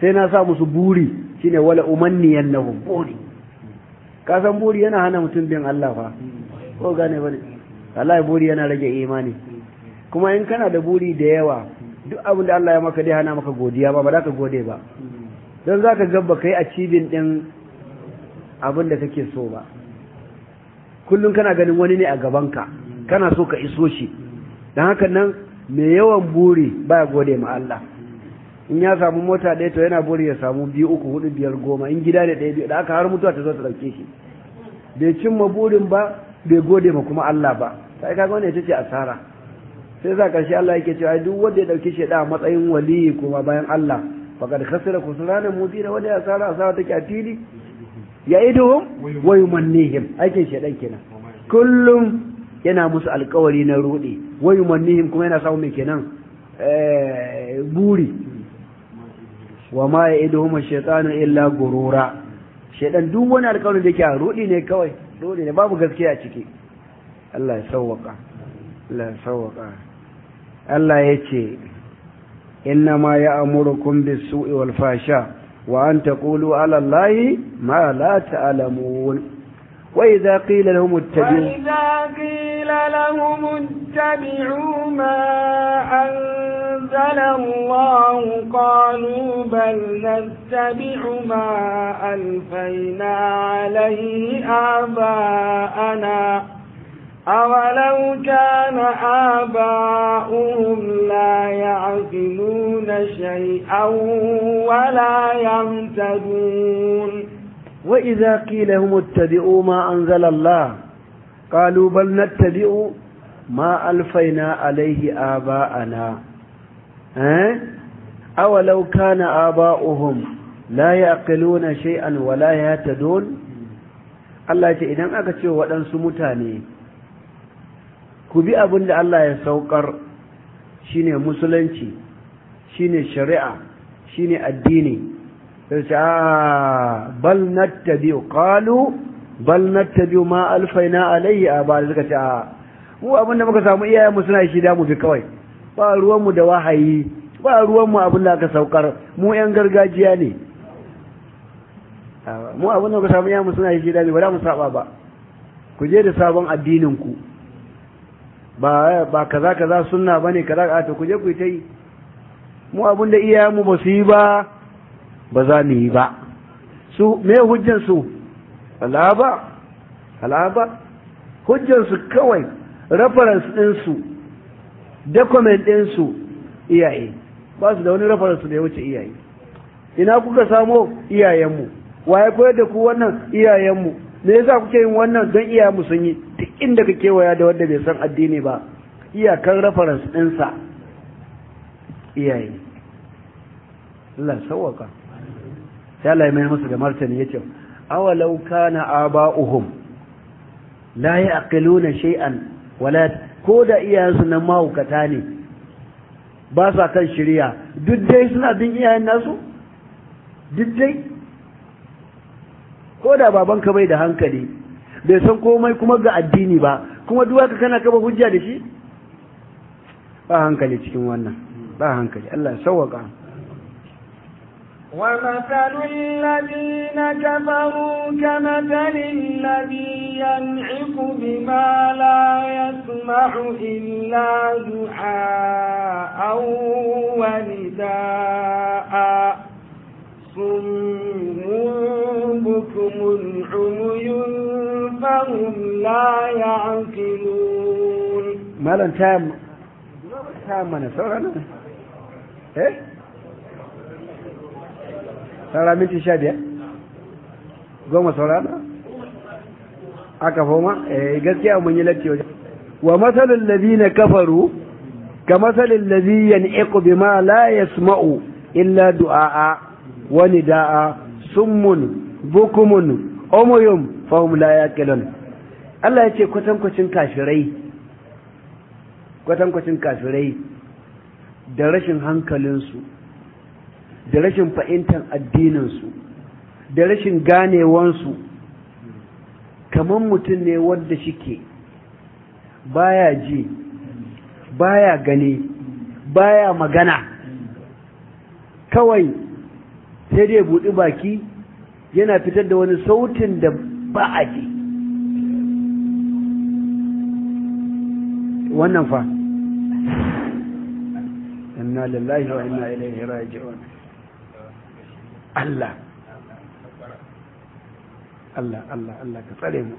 sai na sa musu buri shine wala umanniyannahum buri ka san buri yana hana mutum bin Allah fa ko gane bane wallahi buri yana rage imani kuma in kana da buri da yawa duk abin da Allah ya maka dai hana maka godiya ba ba za ka gode ba don za ka gabba kai a cibin ɗin abin da kake so ba kullum kana ganin wani ne a gaban Ka kana so ka iso shi don haka nan mai yawan buri ba ya gode ma Allah in ya samu mota ɗaya to yana buri ya samu biyu uku hudu biyar goma in gida ne ɗaya biyu da aka har mutuwa ta zo ta ɗauke shi bai cimma burin ba bai gode ma kuma Allah ba sai kaga wani ita ce asara sai za karshe Allah yake cewa duk wanda ya ɗauke shi da matsayin waliyi kuma bayan Allah faqad khasira khusrana mudira wanda ya asara asara take a fili ya iduhum wa yumannihim aikin shedan kenan kullum yana musu alkawari na rude wai manihim kuma yana samu mai kenan eh, buri wa ma ya idu huma shaitanu illa gurura shaitan duk wani alkawarin da yake a ruɗi ne kawai ruɗi ne babu gaskiya a ciki Allah ya sauwaka Allah ya sauwaka Allah ya ce inna ma ya kun bis-su'i wal-fasha wa an taqulu 'ala Allahi ma la ta'lamun وإذا قيل لهم اتبعوا قيل لهم اتبعوا ما أنزل الله قالوا بل نتبع ما ألفينا عليه آباءنا أولو كان آباؤهم لا يعقلون شيئا ولا يمتدون وإذا قيل لهم اتبعوا ما أنزل الله qalu bal nattabi'u ma alfaina alaihi aba'ana eh awalau kana aba'uhum la yaqiluna shay'an wa la yahtadun Allah ce idan aka ce waɗansu mutane ku bi abin Allah ya saukar shine musulunci shine shari'a shine addini sai ce a ah, bal nattabi qalu bal nattabi ma alfaina alayhi aba da suka ce a mu abin da muka samu iyayenmu suna shi da mu bi kawai ba ruwanmu da wahayi ba ruwanmu abin da aka saukar mu yan gargajiya ne mu abin da muka samu iyayenmu suna shi da mu ba za mu saba ba ku je da sabon addinin ku ba ba kaza kaza sunna bane kaza a to ku je ku ta yi mu abin da iyayenmu ba su yi ba ba za mu yi ba su me hujjan su alaba alaba hujjansu kawai reference ɗinsu document ɗinsu iyaye ba su da wani reference da ya wuce iyaye ina kuka samo iyayenmu waye koyar da ku wannan iyayenmu me yasa kuke yin wannan don iyayenmu sun yi duk inda ka kewaya da wanda bai san addini ba Iyakan reference ɗinsa iyaye Allah sauwaka sai Allah ya mai musu da martani ya ce Awa awalau kana aba'uhum la yaqiluna shay'an wala ko da iyayensu na mahaukata ne ba sa kan shirya duk dai suna bin iyayen nasu duk dai ko da babanka bai da hankali bai san komai kuma ga addini ba kuma duwaka kana kaba hujja da shi ba hankali cikin wannan ba hankali Allah ya sauwaka ومثل الذين كفروا كمثل الذي ينعق بما لا يسمع إلا دعاء ونداء صم بكم عمي فهم لا يعقلون مالا تام تام من سورة ايه Sara minti sha biyar goma saura na aka foma eh gaskiya mun yi latti wajen wa masalul ladina kafaru ka masalul ladhi yan'iqu bima la yasma'u illa du'a'a wa nida'a summun bukumun umuyum fahum la yaqilun Allah ya ce kwatankwacin kafirai kwatankwacin kafirai da rashin hankalinsu da rashin fahimtar addininsu da rashin ganewansu kamar mutum ne wanda shike baya ji baya gani baya magana kawai sai dai buɗi baki yana fitar da wani sautin da ba a ji wannan fa inna lillahi wa inna ilaihi raji'un Allah Allah Allah Allah ka tsare mu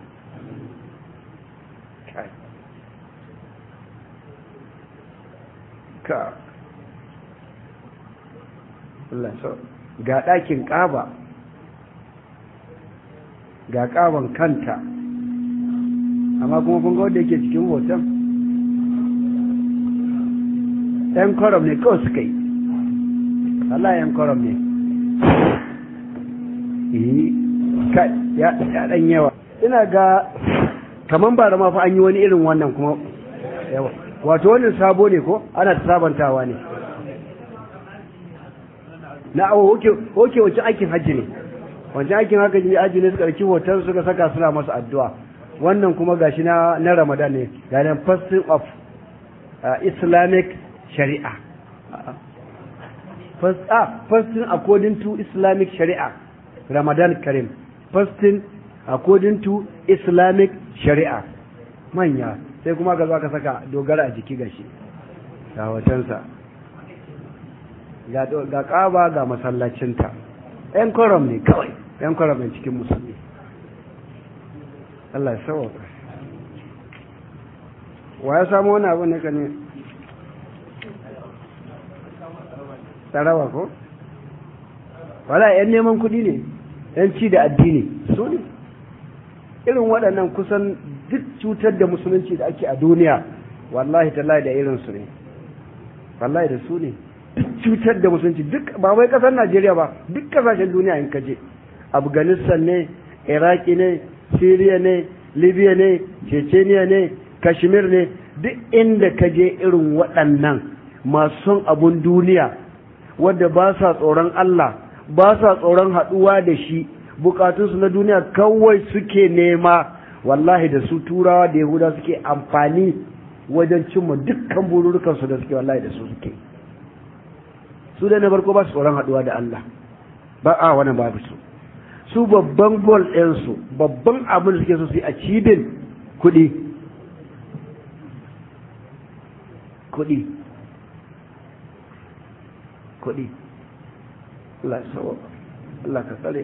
ka Allah so ga ɗakin ƙaba ga ƙaban kanta amma kuma kun ga wanda yake cikin hoton ɗan korom ne kawai suka yi Allah ɗan korom ne ya dan yawa ina ga kaman ba da ma fa an yi wani irin wannan kuma yawa wato wannan sabo ne ko ana sabantawa ne na awo oke oke wacce aikin hajji ne wancan aikin haka ne aji ne suka ɗauki hoton suka saka suna masa addu'a wannan kuma gashi na na Ramadan ne ga nan fasting of Islamic Sharia fasting according to Islamic Sharia Ramadan Karim fasting according to Islamic Sharia manya sai kuma ka zo ka saka dogara a jiki gashi ga wajensa ga kaba ga masallacinta ‘yan kwaram ne kawai ‘yan kwaram ne cikin musulmi Allah ya sawa wa ya samu wani abu ne ka ne tsarawa ko wala ‘yan neman kudi ne yanci da addini su ne irin waɗannan kusan duk cutar da musulunci da ake a duniya wallahi tallahi da irin su ne wallahi da su ne duk cutar da musulunci duk ba wai ƙasar Najeriya ba duk ƙasashen duniya in kaje Afghanistan ne Iraki ne Syria ne Libya ne Chechnya ne Kashmir ne duk inda kaje irin waɗannan masu abun duniya wadda ba sa tsoron Allah ba sa tsoron haɗuwa da shi bukatunsu na duniya kawai suke nema wallahi da su turawa da yahuda suke amfani wajen cimma dukkan bururukansu da suke wallahi da su suke su da na farko ba su tsoron haɗuwa da Allah ba a wani babu su su babban gol ɗinsu babban abin da suke so su yi a cibin kuɗi kuɗi kuɗi Allah ya sawa Allah ka tsare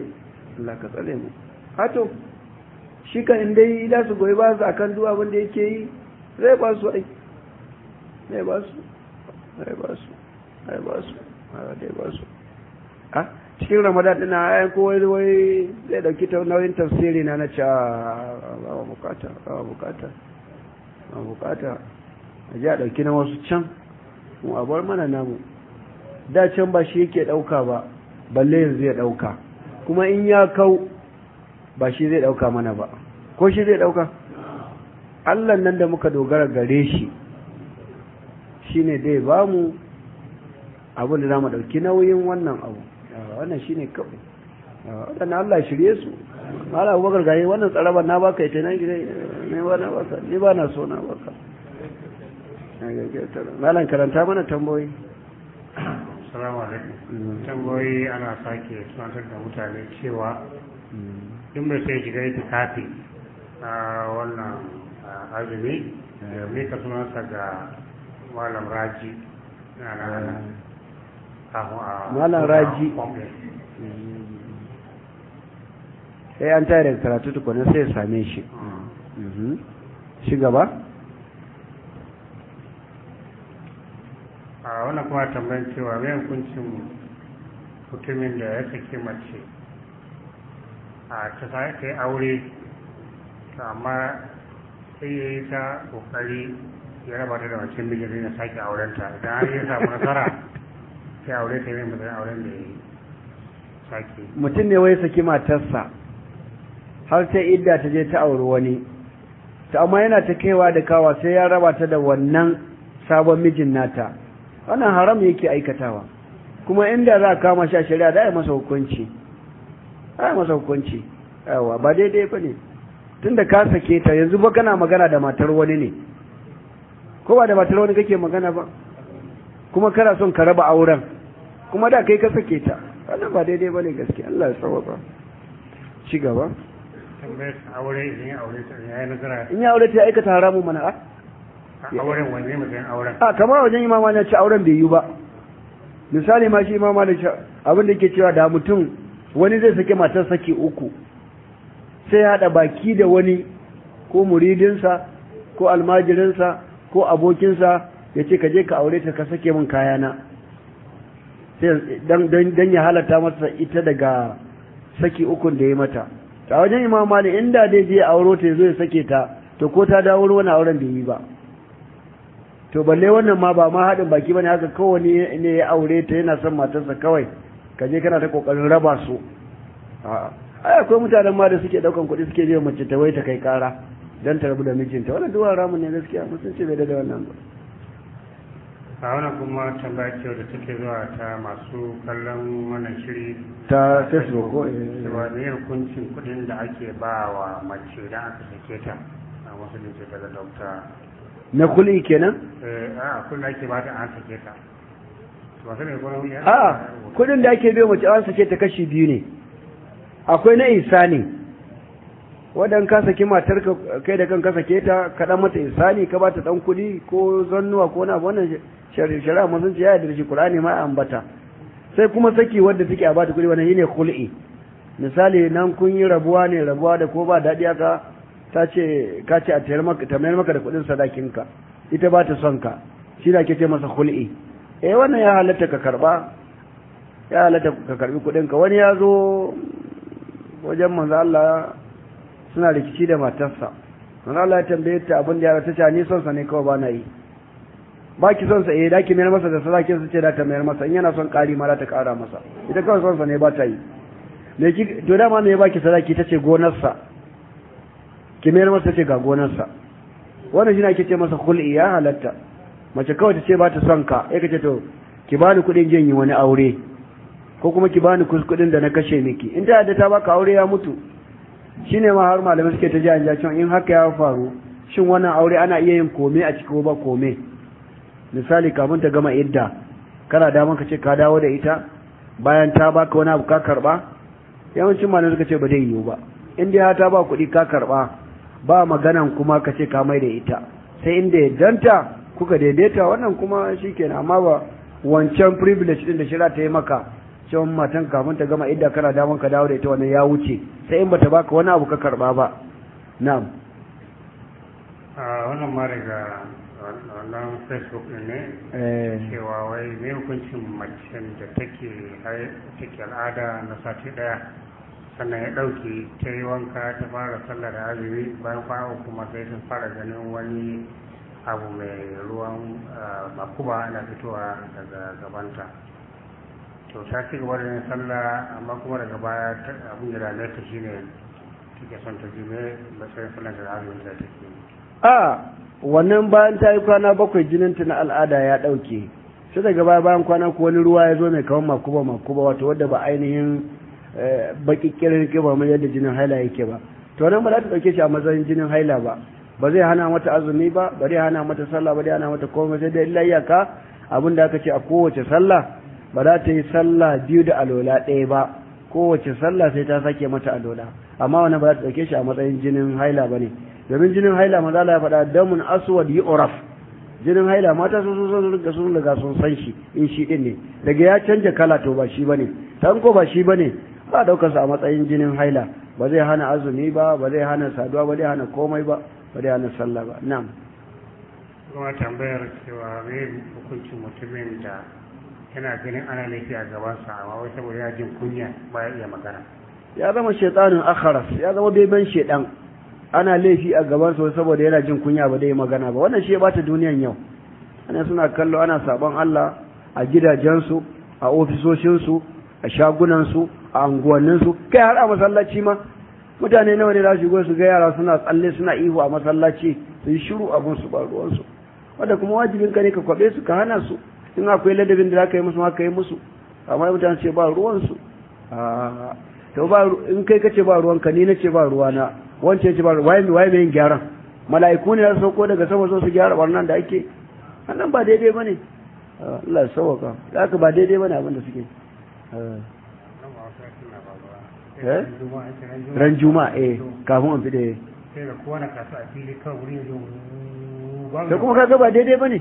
Allah ka tsare mu hato shi kan in dai da su goyi ba su akan duwa wanda da yake yi zai ba su ai zai ba su zai ba su zai ba su zai ba su a ah, cikin ramadan dina ayan ko wai zai dauki nauyin tafsiri na na ca ah, ba bukata ba bukata ba bukata a ji a dauki na wasu can mu a bar mana namu da can ba shi yake dauka ba balle yanzu ya ɗauka kuma in ya kau ba shi zai ɗauka mana ba ko shi zai ɗauka allah nan da muka dogara gare shi shi ne dai ba mu abin da za mu ɗauki nauyin wannan abu wannan shi ne kawai waɗannan allah shirye su mala abubakar gari wannan tsaraban na baka ita nan gida ne ba na so na baka malan karanta mana tambayoyi Assalamu alaikum. Tambayoyi ana sake tunatar da mutane cewa in da sai shiga ita kafi a wannan ah, azumi da mai ka sunansa ga Malam Raji Malam Raji. Sai eh, an tare da karatu tukuna sai ya same shi. Mm. Mhm. Shi gaba? a wannan kuma tambayin cewa mai hukuncin mutumin da ya sake mace a ta ta yi aure amma sai ya yi ta kokari ya raba ta da mace mijin na sake aurenta idan har ya samu nasara sai aure ta yi matsayin auren da ya yi sake mutum ne wai saki matarsa har ta idda ta je ta auri wani ta amma yana ta kaiwa da kawa sai ya raba ta da wannan sabon mijin nata wannan haram yake aikatawa kuma inda za a kama sha shari'a da a masa hukunci za masa hukunci yawa ba daidai ba ne tun da ka sake ta yanzu ba kana magana da matar wani ne ko ba da matar wani kake magana ba kuma kana son ka raba auren kuma da kai ka sake ta wannan ba daidai ba ne gaske Allah ya tsawaba ci gaba in ya aure ta aikata haramun mana auren wanne auren a kamar wajen imama na ce auren bai yi ba misali ma shi imama da abin da ke cewa da mutum wani zai sake matar saki uku sai haɗa baki da wani ko muridinsa ko almajirinsa ko abokinsa ya ce ka je ka aure ta ka sake min kayana don ya halatta masa ita daga saki ukun da ya mata ta wajen imama ne inda dai je auro ta ya zo ya sake ta to ko ta dawo wani auren da yi ba to balle wannan ma ba ma haɗin baki bane haka kowane ne ya aure ta yana son matarsa kawai ka je kana ta kokarin raba su ai akwai mutanen ma da suke daukan kuɗi suke biyan mace ta wai ta kai kara dan ta rabu da mijinta wannan duwar ramu ne gaskiya musun ce bai da wannan ba a wannan kuma tambaya ce da take zuwa ta masu kallon wannan shiri ta facebook ko eh kun eh. hukuncin kuɗin da ake ba wa mace da aka sake ta a wasu ne ce daga dokta na kuli kenan eh, a kudin da ake ta an sake ta a kudin da ake biyo mace an sake ta kashi biyu ne akwai na isani wadan ka saki matar kai da kanka sake ta ka dan mata isani ka ta dan kudi ko zannuwa ko na wannan shari'a mun ce ya da shi qur'ani ma ambata sai kuma saki wanda take a bata kudi wannan ne kul'i misali nan kun yi rabuwa ne rabuwa da ko ba daɗi aka ta ce ka ce a tamayar maka mayar maka da kuɗin sadakinka ita ba ta son ka shi da ke ce masa hul'i eh wannan ya halatta ka karba ya halatta ka karbi kuɗin ka wani ya zo wajen manzo Allah suna rikici da matarsa manzo Allah ya tambaye ta abin da ya ta ce ni son sa ne kawai ba na yi ba ki son sa eh da ki mayar masa da sadakin sa ce da ta mayar masa in yana son kari ma da ta ƙara masa ita kawai son sa ne ba ta yi me ki to dama me ba ki sadaki ta ce gonarsa ki mayar masa ce ga gonarsa wannan shine ake ce masa khul'i ya halatta mace kawai ta ce ba ta son ka ya kace to ki bani kuɗin jin yi wani aure ko kuma ki bani kuskuɗin da na kashe miki in ta yadda ta baka aure ya mutu shine ma har malamai suke ta ji an cewa in haka ya faru shin wannan aure ana iya yin kome a ciki ba kome misali kafin ta gama idda kana damar ka ce ka dawo da ita bayan ta baka wani abu ka karba yawancin malamai suka ce ba zai yiwu ba in dai ta ba kuɗi ka karba ba maganan kuma ka ce ka mai da ita sai inda ya danta kuka daidaita wannan kuma shi na. amma ba wancan privilege din da shira ta yi maka cewa matan kafin ta gama idda kana daman ka dawo da ita wannan ya wuce sai in bata baka wani abu ka karba ba na'am a wannan ma daga wannan facebook ne eh. cewa wai me hukuncin mace da take take al'ada na sati daya sannan ya ɗauke ta yi wanka ta fara sallar azumi bayan kwana uku kuma sai ta fara ganin wani abu mai ruwan ah, makuba na fitowa daga gabanta to ta ci gaba da yin sallah amma kuma daga baya abin da ranar ta shine take son ta jime matsayin sallar da azumi da take a wannan bayan ta yi kwana bakwai jininta na al'ada ya ɗauke sai daga baya bayan kwana ko wani ruwa ya zo mai kamar makuba makuba wato wadda ba ainihin Eh, bakikkiyar rike ba mu yadda jinin haila yake ba to nan ba za ta dauke shi a matsayin jinin haila ba ba zai hana mata azumi ba ba zai hana mata sallah ba zai hana mata komai sai dai illa iyaka abin da aka ce a kowace sallah ba za ta yi sallah biyu da alola ɗaya ba kowace sallah sai ta sake mata alola amma wannan ba za ta dauke shi a matsayin jinin haila ba ne domin jinin haila maza Allah ya faɗa damun aswad yu'raf jinin haila mata sun sun sun riga sun riga sun san shi in shi din ne daga ya canja kala to ba shi bane tanko ba shi bane ba a sa a matsayin jinin haila ba zai hana azumi ba ba zai hana saduwa ba zai hana komai ba ba zai hana sallah ba na'am kuma tambayar cewa me hukuncin mutumin da yana ganin ana laifi a gabansa amma wai saboda ya jin kunya ba ya iya magana ya zama shaitanin akharas ya zama beban shaidan ana laifi a gabansa saboda yana jin kunya ba yi magana ba wannan shi ya bata duniyan yau ana suna kallo ana sabon Allah a gidajensu a ofisoshinsu a shagunansu a unguwanninsu kai har a masallaci ma mutane nawa ne za su su ga yara suna tsalle suna ihu a masallaci su yi shiru abin su ruwansu wanda kuma wajibin ka ne ka kwabe su ka hana su in akwai ladabin da za ka yi musu ma ka yi musu amma mutane ce ba ruwansu to ba in kai ka ce ba ka ni na ce ba na wance ce ba ruwa waye waye mai gyaran mala'iku ne za su sauko daga sama su gyara wannan da ake annan ba daidai bane Allah ya sauka haka ba daidai bane abin da suke Eh? ran juma'a eh kafin an fide da kuma ka ba daidai bane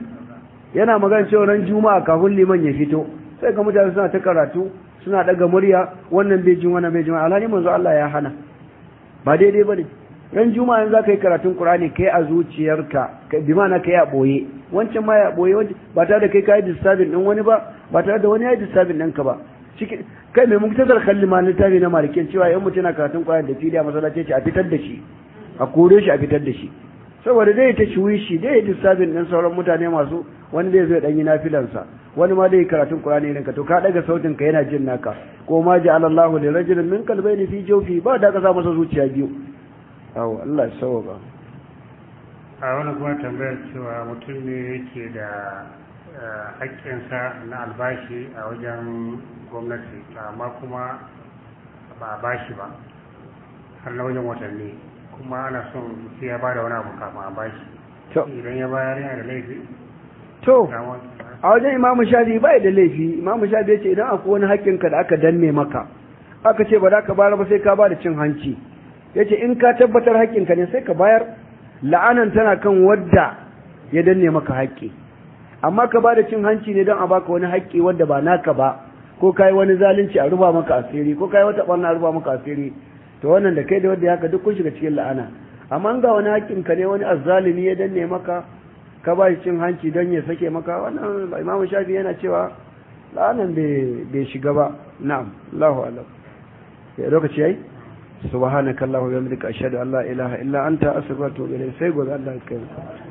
yana magana cewa ran juma'a kafin liman ya fito sai ga mutane suna ta karatu suna daga murya wannan bai jin wannan bai jin alhali manzo Allah ya hana ba daidai bane ran juma'a za ka yi karatun qur'ani kai a zuciyarka bi ma'ana kai a boye wancan ma ya boye ba tare da kai kai disturbing din wani ba ba tare da wani ya disturbing ɗinka ba cikin kai mai muktasar kalli ma littafi na malikin cewa yan mutu na karatun kwayar da fili a masallaci ce a fitar da shi a kore shi a fitar da shi saboda zai ta shuwi shi zai yi disabin ɗin sauran mutane masu wani zai zo ɗan yi filansa wani ma zai karatun kurani irin ka to ka ɗaga sautin ka yana jin naka ko ma ji alallahu da rajulin min ni fi jofi ba da ka sa masa zuciya biyu awo Allah ya ba a wani kuma tambayar cewa mutum ne yake da haƙƙinsa na albashi a wajen gwamnati amma kuma ba a bashi ba har na wajen watanni kuma ana son sai ya bada wani abu kafin a bashi idan ya bayar yana da laifi to a wajen imamu shafi bai da laifi imamu shafi ce idan akwai wani haƙƙinka da aka danne maka aka ce ba za ka bayar ba sai ka bada cin hanci ya ce in ka tabbatar haƙƙinka ne sai ka bayar la'anan tana kan wadda ya danne maka haƙƙi amma ka bada cin hanci ne don a baka wani haƙƙi wanda ba naka ba ko kai wani zalunci a ruba maka asiri ko kai wata barna a ruba maka asiri to wannan da kai da wanda haka duk kun shiga cikin la'ana amma ga wani haƙƙin ka ne wani azzalimi ya danne maka ka ba shi cin hanci don ya sake maka wannan imamu shafi yana cewa la'anan bai shiga ba na'am Allahu alam ya lokaci yayi subhanakallahumma wa bihamdika ashhadu an la ilaha illa anta astaghfiruka wa atubu ilayk sai gobe Allah ya kai